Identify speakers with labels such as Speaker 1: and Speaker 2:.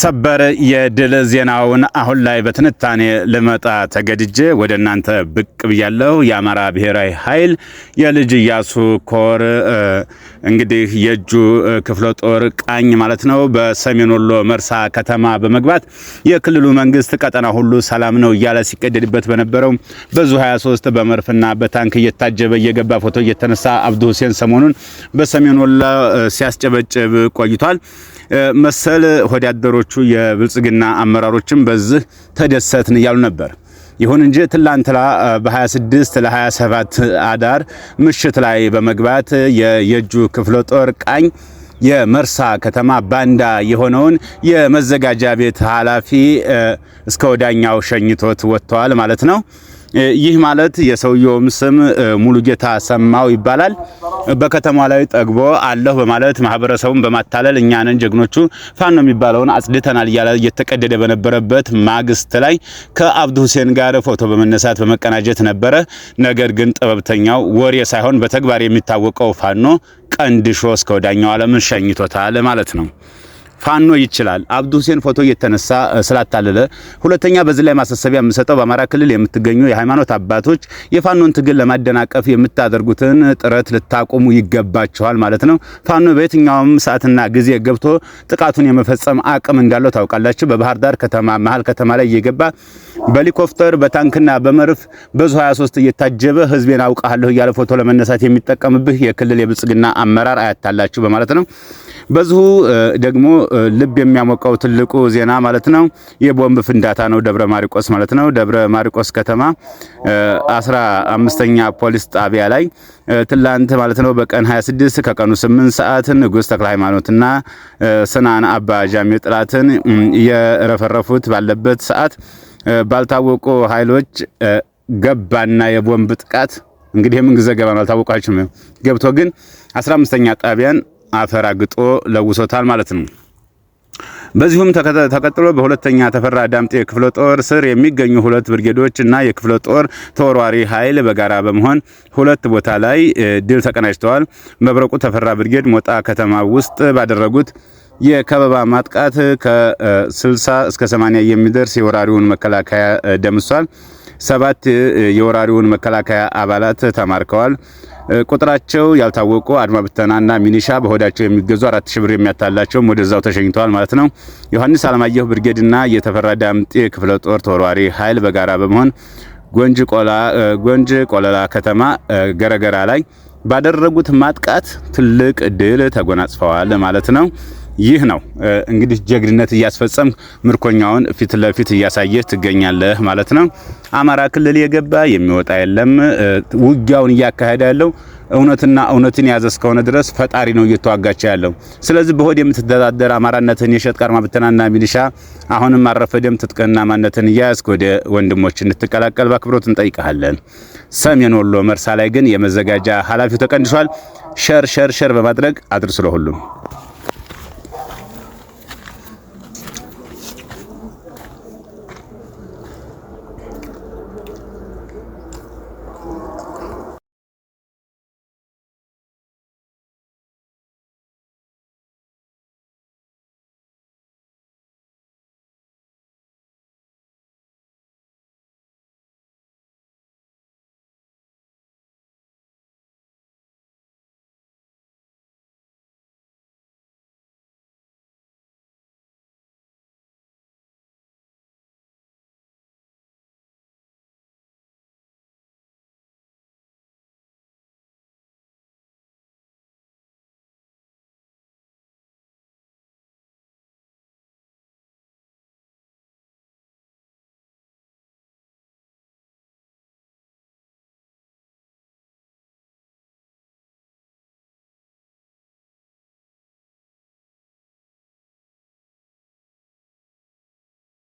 Speaker 1: ሰበር የድል ዜናውን አሁን ላይ በትንታኔ ልመጣ ተገድጄ ወደ እናንተ ብቅ ብያለሁ። የአማራ ብሔራዊ ኃይል የልጅ እያሱ ኮር እንግዲህ የእጁ ክፍለ ጦር ቃኝ ማለት ነው በሰሜን ወሎ መርሳ ከተማ በመግባት የክልሉ መንግስት ቀጠና ሁሉ ሰላም ነው እያለ ሲቀደድበት በነበረው በዙ 23 በመርፍና በታንክ እየታጀበ እየገባ ፎቶ እየተነሳ አብዱ ሁሴን ሰሞኑን በሰሜን ወሎ ሲያስጨበጭብ ቆይቷል። መሰል ወዳደሮቹ የብልጽግና አመራሮችም በዚህ ተደሰትን እያሉ ነበር። ይሁን እንጂ ትላንትላ በ26 ለ27 አዳር ምሽት ላይ በመግባት የየጁ ክፍለ ጦር ቃኝ የመርሳ ከተማ ባንዳ የሆነውን የመዘጋጃ ቤት ኃላፊ እስከ ወዳኛው ሸኝቶት ወጥተዋል ማለት ነው። ይህ ማለት የሰውየውም ስም ሙሉጌታ ሰማው ይባላል። በከተማ ላይ ጠግቦ አለሁ በማለት ማህበረሰቡን በማታለል እኛንን ጀግኖቹ ፋኖ የሚባለውን አጽድተናል እያለ እየተቀደደ በነበረበት ማግስት ላይ ከአብዱ ሁሴን ጋር ፎቶ በመነሳት በመቀናጀት ነበረ። ነገር ግን ጥበብተኛው ወሬ ሳይሆን በተግባር የሚታወቀው ፋኖ ቀንድሾ እስከ ወዳኛው ዓለም ሸኝቶታል ማለት ነው። ፋኖ ይችላል። አብዱ ሁሴን ፎቶ እየተነሳ ስላታለለ። ሁለተኛ በዚህ ላይ ማሳሰቢያ የምሰጠው በአማራ ክልል የምትገኙ የሃይማኖት አባቶች የፋኖን ትግል ለማደናቀፍ የምታደርጉትን ጥረት ልታቆሙ ይገባችኋል ማለት ነው። ፋኖ በየትኛውም ሰዓትና ጊዜ ገብቶ ጥቃቱን የመፈጸም አቅም እንዳለው ታውቃላችሁ። በባህር ዳር ከተማ መሀል ከተማ ላይ እየገባ በሄሊኮፕተር በታንክና በመርፍ በዙ 23 እየታጀበ ህዝቤን አውቃለሁ እያለ ፎቶ ለመነሳት የሚጠቀምብህ የክልል የብልጽግና አመራር አያታላችሁ በማለት ነው። በዚሁ ደግሞ ልብ የሚያሞቀው ትልቁ ዜና ማለት ነው የቦምብ ፍንዳታ ነው፣ ደብረ ማርቆስ ማለት ነው። ደብረ ማርቆስ ከተማ አስራ አምስተኛ ፖሊስ ጣቢያ ላይ ትላንት ማለት ነው በቀን 26 ከቀኑ 8 ሰዓት ንጉስ ተክለ ሃይማኖትና ስናን አባ ጃሜ ጥላትን የረፈረፉት ባለበት ሰዓት ባልታወቁ ኃይሎች ገባና የቦምብ ጥቃት እንግዲህ የምን ጊዜ ገባ አልታወቃችሁም። ገብቶ ግን 15ኛ ጣቢያን አፈራግጦ ለውሶታል ማለት ነው። በዚሁም ተቀጥሎ በሁለተኛ ተፈራ ዳምጤ ክፍለ ጦር ስር የሚገኙ ሁለት ብርጌዶች እና የክፍለ ጦር ተወርዋሪ ኃይል በጋራ በመሆን ሁለት ቦታ ላይ ድል ተቀናጅተዋል። መብረቁ ተፈራ ብርጌድ ሞጣ ከተማ ውስጥ ባደረጉት የከበባ ማጥቃት ከ60 እስከ 80 የሚደርስ የወራሪውን መከላከያ ደምሷል። ሰባት የወራሪውን መከላከያ አባላት ተማርከዋል። ቁጥራቸው ያልታወቁ አድማ ብተናና ሚኒሻ በሆዳቸው የሚገዙ አራት ሺህ ብር የሚያታላቸውም ወደዛው ተሸኝተዋል ማለት ነው። ዮሐንስ አለማየሁ ብርጌድና የተፈራ ዳምጤ ክፍለ ጦር ተወርዋሪ ኃይል በጋራ በመሆን ጎንጅ ቆላ ጎንጅ ቆለላ ከተማ ገረገራ ላይ ባደረጉት ማጥቃት ትልቅ ድል ተጎናጽፈዋል ማለት ነው። ይህ ነው እንግዲህ ጀግንነት እያስፈጸም ምርኮኛውን ፊት ለፊት እያሳየህ ትገኛለህ ማለት ነው። አማራ ክልል የገባ የሚወጣ የለም። ውጊያውን እያካሄደ ያለው እውነትና እውነትን የያዘ እስከሆነ ድረስ ፈጣሪ ነው እየተዋጋቸ ያለው። ስለዚህ በሆድ የምትደዳደር አማራነትን የሸጥ ቀርማ ብተናና ሚሊሻ አሁንም አረፈደም ትጥቅህና ማነትን እያያዝክ ወደ ወንድሞች እንድትቀላቀል በአክብሮት እንጠይቀሃለን። ሰሜን ወሎ መርሳ ላይ ግን የመዘጋጃ ኃላፊው ተቀንድሷል። ሸር ሸር ሸር በማድረግ አድርስ ለሁሉም